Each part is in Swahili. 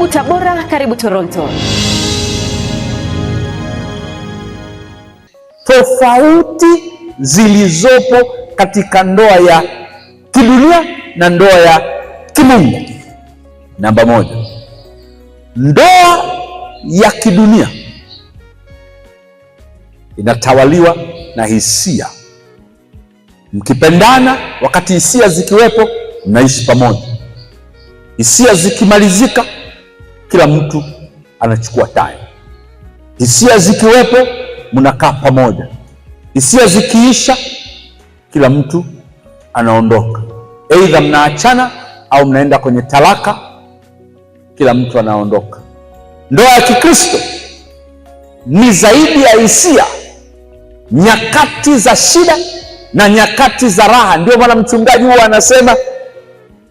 Karibu Tabora, karibu Toronto. Tofauti zilizopo katika ndoa ya kidunia na ndoa ya kimungu. Namba moja, ndoa ya kidunia inatawaliwa na hisia. Mkipendana wakati hisia zikiwepo, mnaishi pamoja. Hisia zikimalizika kila mtu anachukua time. Hisia zikiwepo, mnakaa pamoja. Hisia zikiisha, kila mtu anaondoka, aidha mnaachana au mnaenda kwenye talaka, kila mtu anaondoka. Ndoa ya Kikristo ni zaidi ya hisia, nyakati za shida na nyakati za raha. Ndio maana mchungaji huwa anasema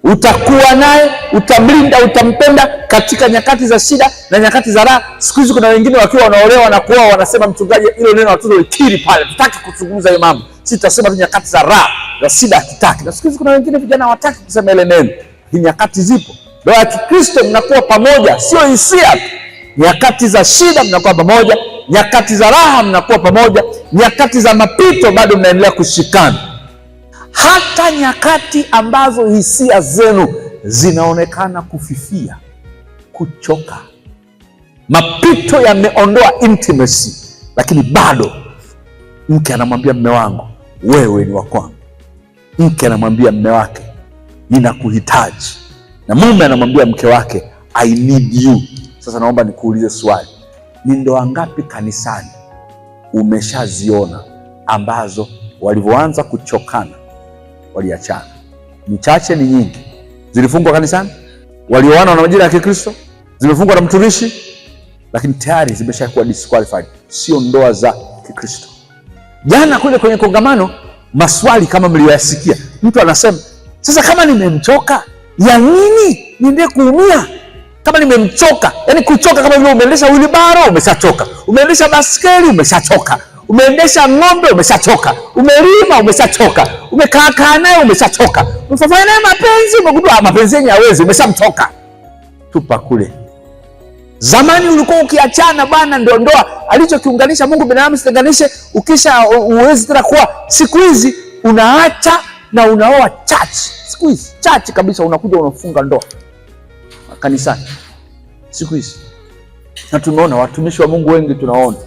utakuwa naye, utamlinda, utampenda katika nyakati za shida na nyakati za raha. Siku hizi kuna wengine wakiwa wanaolewa na kuoa wanasema, mchungaji, hilo neno watoto likiri pale, tutaki kuzungumza hiyo mambo, si tutasema tu nyakati za raha za shida, hatutaki. Na siku hizi kuna wengine vijana hawataki kusema ile neno. Ni nyakati zipo, ndoa ya Kikristo mnakuwa pamoja, sio hisia Nyakati za shida mnakuwa pamoja, nyakati za raha mnakuwa pamoja, nyakati za mapito bado mnaendelea kushikana hata nyakati ambazo hisia zenu zinaonekana kufifia, kuchoka, mapito yameondoa intimacy, lakini bado mke anamwambia mme wangu, wewe ni wa kwangu. Mke anamwambia mme wake, ninakuhitaji, na mume anamwambia mke wake, I need you. Sasa naomba nikuulize swali, ni ndoa ngapi kanisani umeshaziona ambazo walivyoanza kuchokana waliachana. Ni chache ni nyingi? Zilifungwa kanisani? Walioana na majira ya Kikristo? Zimefungwa na mtumishi? Lakini tayari zimeshakuwa disqualified, sio ndoa za Kikristo. Jana kule kwenye kongamano, maswali kama mliyoyasikia mtu anasema sasa, kama nimemchoka, ya nini niende kuumia? Kama nimemchoka, yani kuchoka kama vile umeendesha wilibaro, umeshachoka, umeendesha baskeli, umeshachoka Umeendesha ng'ombe umeshachoka, umelima umeshachoka, umekaakaa naye umeshachoka, umefanya naye mapenzi, umegundua ah, mapenzi yenye hawezi, umeshamtoka. Tupa kule. Zamani ulikuwa ukiachana bana, ndo ndoa alichokiunganisha Mungu binadamu sitenganishe, ukisha uwezi tena kuwa. Siku hizi unaacha na unaoa chachi, siku hizi chachi kabisa, unakuja unafunga ndoa kanisani siku hizi, na tunaona watumishi wa Mungu wengi tunaona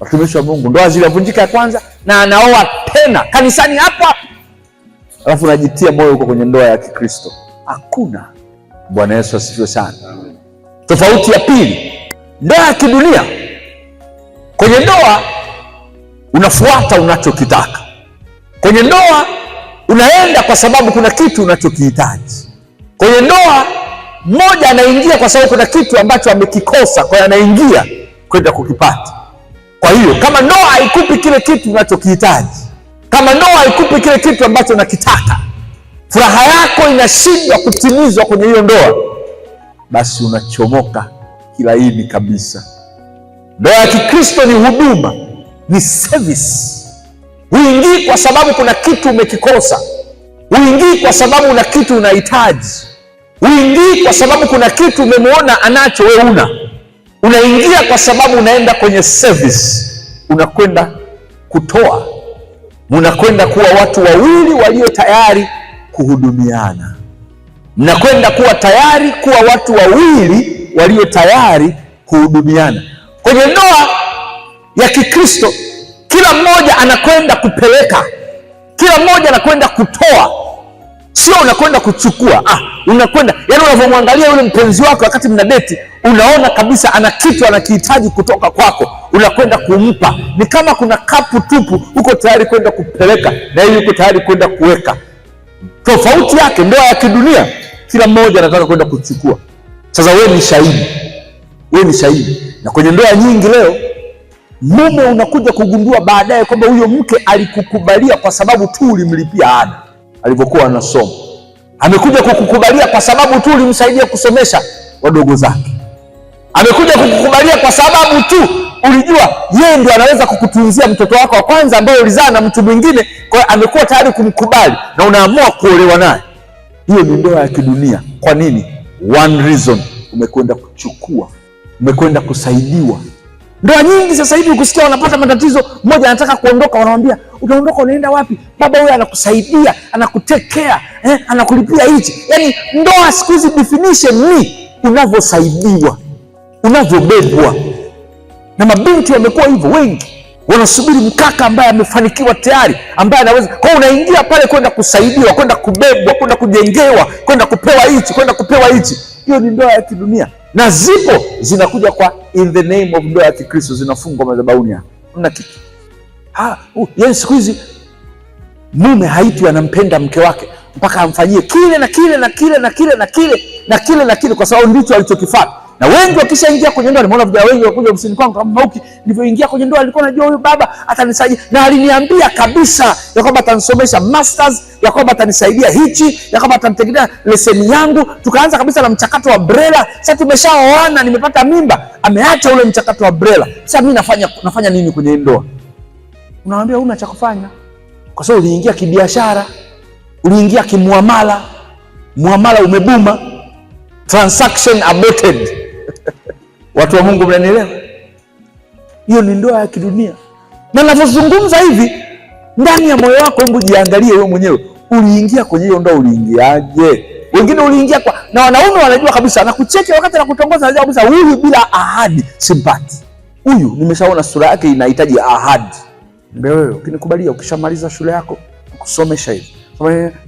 Watumishi wa Mungu, ndoa zinavunjika ya kwanza na anaoa tena kanisani hapa, alafu unajitia moyo huko kwenye ndoa ya Kikristo. Hakuna. Bwana Yesu asifiwe sana. Tofauti ya pili, ndoa ya kidunia. Kwenye ndoa unafuata unachokitaka, kwenye ndoa unaenda kwa sababu kuna kitu unachokihitaji. Kwenye ndoa mmoja anaingia kwa sababu kuna kitu ambacho amekikosa, kwa hiyo anaingia kwenda kukipata. Kwa hiyo kama ndoa haikupi kile kitu unachokihitaji, kama ndoa haikupi kile kitu ambacho unakitaka, furaha yako inashindwa kutimizwa kwenye hiyo ndoa, basi unachomoka kilaini kabisa. Ndoa ya Kikristo ni huduma, ni service. Huingii kwa sababu kuna kitu umekikosa, huingii kwa sababu una kitu unahitaji, huingii kwa sababu kuna kitu umemwona anacho wewe una Unaingia kwa sababu unaenda kwenye service, unakwenda kutoa, munakwenda kuwa watu wawili walio tayari kuhudumiana, mnakwenda kuwa tayari kuwa watu wawili walio tayari kuhudumiana. Kwenye ndoa ya Kikristo, kila mmoja anakwenda kupeleka, kila mmoja anakwenda kutoa Sio unakwenda kuchukua ah, unakwenda yani, unavyomwangalia yule mpenzi wako wakati mna mnadeti, unaona kabisa ana kitu anakihitaji kutoka kwako, unakwenda kumpa. Ni kama kuna kapu tupu, uko tayari kwenda kupeleka na yeye uko tayari kwenda kuweka. Tofauti yake ndoa ya kidunia, kila mmoja anataka kwenda kuchukua. Sasa wewe ni shahidi, wewe ni shahidi. Na kwenye ndoa nyingi leo mume unakuja kugundua baadaye kwamba huyo mke alikukubalia kwa sababu tu ulimlipia ada alivyokuwa anasoma. Amekuja kukukubalia kwa sababu tu ulimsaidia kusomesha wadogo zake. Amekuja kukukubalia kwa sababu tu ulijua yeye ndio anaweza kukutunzia mtoto wako wa kwanza ambaye ulizaa na mtu mwingine. Kwa hiyo amekuwa tayari kumkubali na unaamua kuolewa naye. Hiyo ni ndoa ya kidunia. Kwa nini? One reason, umekwenda kuchukua, umekwenda kusaidiwa Ndoa nyingi sasa hivi ukisikia wanapata matatizo, mmoja anataka kuondoka, wanamwambia unaondoka, unaenda wapi? Baba huyo anakusaidia, anakutekea, eh, anakulipia hichi. Yani ndoa siku hizi definition ni unavyosaidiwa, unavyobebwa. Na mabinti wamekuwa hivyo wengi wanasubiri mkaka ambaye amefanikiwa tayari, ambaye anaweza kwao. Unaingia pale kwenda kusaidiwa, kwenda kubebwa, kwenda kujengewa, kwenda kupewa hichi, kwenda kupewa hichi. Hiyo ni ndoa ya kidunia na zipo zinakuja kwa in the name of ya kikristo zinafungwa madhabahuni hapa, mna kitu ah. Uh, yani siku hizi mume haitwi anampenda mke wake mpaka amfanyie kile na kile na kile na kile na kile na kile na kile, kwa sababu ndicho alichokifanya na wengi wakishaingia kwenye ndoa, nimeona vijana wengi wakuja ofisini kwangu, kama Mauki nilivyoingia kwenye ndoa alikuwa anajua huyu baba atanisaidia, na aliniambia kabisa ya kwamba atanisomesha masters, ya kwamba atanisaidia hichi, ya kwamba atanitengenea leseni yangu. Tukaanza kabisa na mchakato wa BRELA. Sasa tumeshaoana, nimepata mimba, ameacha ule mchakato wa BRELA. Sasa mimi nafanya nafanya nini kwenye ndoa? Unaambia una cha kufanya, kwa sababu uliingia kibiashara, uliingia kimuamala, muamala umebuma, transaction aborted Watu wa Mungu, mnanielewa? Hiyo ni ndoa ya kidunia, na navyozungumza hivi ndani ya moyo wako, hebu jiangalie wewe mwenyewe, uliingia kwenye hiyo ndoa, uliingiaje? Wengine uliingia kwa na wanaume wanajua kabisa, nakucheki wakati nakutongoza, anajua kabisa huyu bila ahadi simpati, huyu nimeshaona sura yake inahitaji ahadi. Mbe wewe ukinikubalia, ukishamaliza shule yako, kusomesha hivi,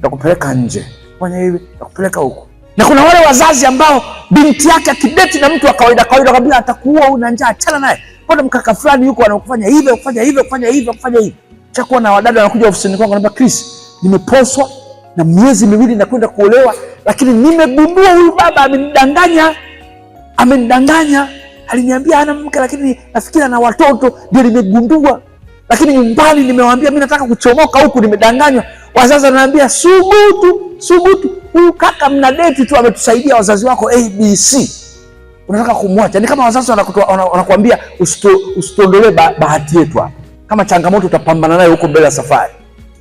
nakupeleka nje, fanya hivi, nakupeleka huko na kuna wale wazazi ambao binti yake akideti na mtu wa kawaida kawaida kabisa, atakuua, una njaa, achana naye, mbona mkaka fulani yuko anakufanya hivyo kufanya hivyo kufanya hivyo kufanya hivyo. Chakuwa na wadada wanakuja ofisini kwangu, naomba Chris, nimeposwa na miezi miwili nakwenda kuolewa, lakini nimegundua huyu baba amenidanganya, amenidanganya. Aliniambia ana mke, lakini nafikiri ana watoto, ndio nimegundua. Lakini nyumbani nimewaambia mimi nataka kuchomoka huku, nimedanganywa. Wazazi wanaambia subutu Subutu, huyu kaka mna deti tu ametusaidia wazazi wako ABC, unataka kumwacha. Ni kama wazazi wanakuambia usituondolee bahati yetu hapa, kama changamoto utapambana nayo huko mbele ya safari.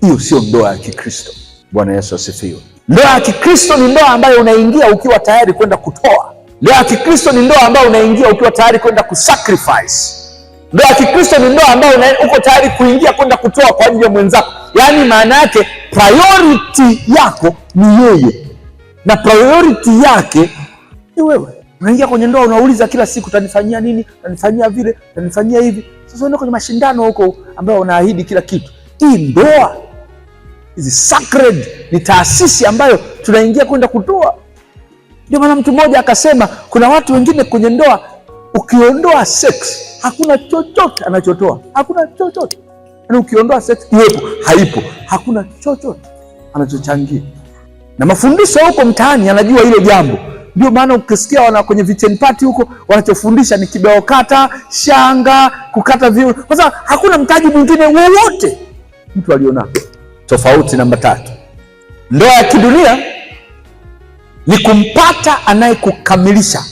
Hiyo sio ndoa ya Kikristo. Bwana Yesu asifiwe. Ndoa ya Kikristo ni ndoa ambayo unaingia ukiwa tayari kwenda kutoa. Ndoa ya Kikristo ni ndoa ambayo unaingia ukiwa tayari kwenda kusacrifice. Ndoa ya Kikristo ni ndoa ambayo uko tayari kuingia kwenda kutoa kwa ajili ya mwenzako, yaani maana yake priority yako ni yeye na priority yake ni wewe. Unaingia kwenye ndoa unauliza kila siku, tanifanyia nini? Tanifanyia vile, tanifanyia hivi. Sasa unaenda kwenye mashindano huko ambayo unaahidi kila kitu. Hii ndoa hizi sacred, ni taasisi ambayo tunaingia kwenda kutoa. Ndio maana mtu mmoja akasema kuna watu wengine kwenye ndoa Ukiondoa sex hakuna chochote anachotoa, hakuna chochote yani, ukiondoa sex iwepo, haipo, hakuna chochote anachochangia. Na mafundisho huko mtaani anajua hilo jambo. Ndio maana ukisikia wana kwenye vichen party huko wanachofundisha ni kibao kata, shanga, kukata viuno. Kwa sababu hakuna mtaji mwingine wowote mtu aliona Tofauti namba tatu, ndoa ya kidunia ni kumpata anayekukamilisha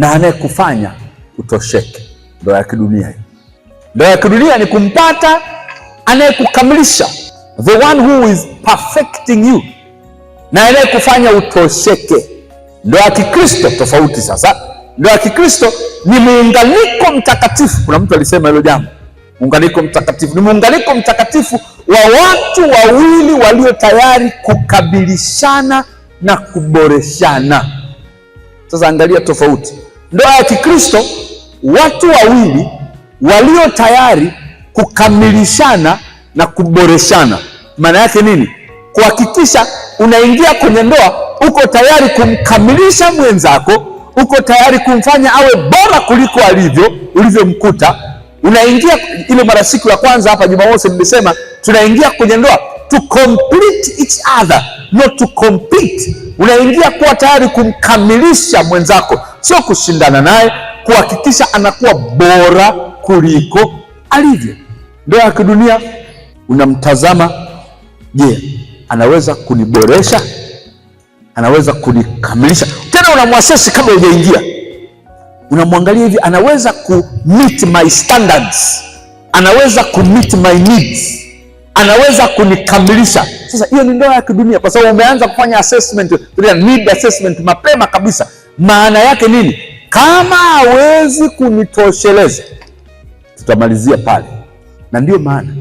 na anayekufanya utosheke. Ndoa ya kidunia hii, Ndoa ya kidunia ni kumpata anayekukamilisha, the one who is perfecting you, na anayekufanya utosheke. Ndoa ya Kikristo tofauti. Sasa ndoa ya Kikristo ni muunganiko mtakatifu. Kuna mtu alisema hilo jambo, muunganiko mtakatifu. Ni muunganiko mtakatifu wa watu wawili walio tayari kukabilishana na kuboreshana. Sasa angalia tofauti Ndoa ya Kikristo, watu wawili walio tayari kukamilishana na kuboreshana. Maana yake nini? Kuhakikisha unaingia kwenye ndoa, uko tayari kumkamilisha mwenzako, uko tayari kumfanya awe bora kuliko alivyo ulivyomkuta. Unaingia ile mara siku ya kwanza hapa Jumamosi nimesema tunaingia kwenye ndoa to complete each other, not to compete. Unaingia kuwa tayari kumkamilisha mwenzako sio kushindana naye, kuhakikisha anakuwa bora kuliko alivyo. Ndoa ya kidunia unamtazama, je, anaweza kuniboresha? Anaweza kunikamilisha? Tena unamwasesi kama hujaingia, unamwangalia hivi, anaweza ku meet my standards, anaweza ku meet my needs, anaweza kunikamilisha. Sasa hiyo ni ndoa ya kidunia, kwa sababu umeanza kufanya assessment, need assessment mapema kabisa. Maana yake nini? Kama hawezi kunitosheleza, tutamalizia pale. Na ndiyo maana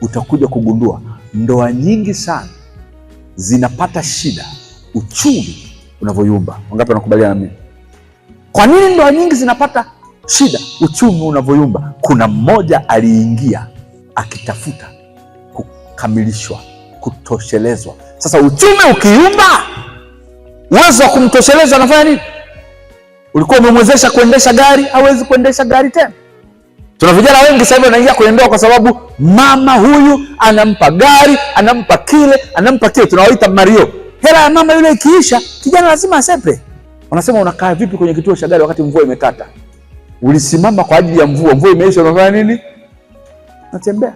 utakuja kugundua ndoa nyingi sana zinapata shida uchumi unavyoyumba. Wangapi wanakubaliana na mimi? Kwa nini ndoa nyingi zinapata shida uchumi unavyoyumba? Kuna mmoja aliingia akitafuta kukamilishwa, kutoshelezwa. Sasa uchumi ukiyumba uwezo wa kumtosheleza anafanya nini? Ulikuwa umemwezesha kuendesha gari, hawezi kuendesha gari tena. Tuna vijana wengi sasa hivi wanaingia kwenye ndoa kwa sababu mama huyu anampa gari, anampa kile, anampa kile, tunawaita Mario. Hela ya mama yule ikiisha, kijana lazima asepe. Wanasema unakaa vipi kwenye kituo cha gari wakati mvua imekata? Ulisimama kwa ajili ya mvua, mvua imeisha, unafanya nini? Natembea.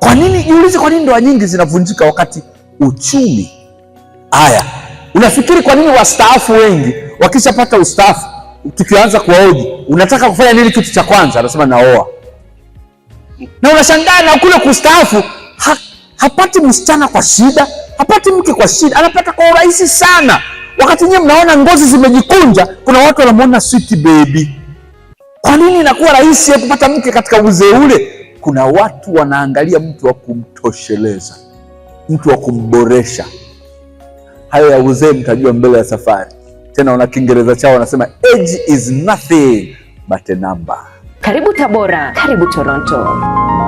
Kwa nini? Jiulize, kwa nini ndoa nyingi zinavunjika wakati uchumi haya Unafikiri kwa nini wastaafu wengi wakishapata ustaafu tukianza kuwaoji, unataka kufanya nini? Kitu cha kwanza anasema naoa, na unashangaa na kule kustaafu ha, hapati msichana kwa shida, hapati mke kwa shida, anapata kwa urahisi sana. Wakati nyinyi mnaona ngozi zimejikunja, kuna watu wanamwona sweet baby. Kwa nini inakuwa rahisi ya kupata mke katika uzee ule? Kuna watu wanaangalia mtu wa kumtosheleza, mtu wa kumboresha hayo ya uzee mtajua mbele ya safari. Tena wana Kiingereza chao wanasema age is nothing but a number. Karibu Tabora, karibu Toronto.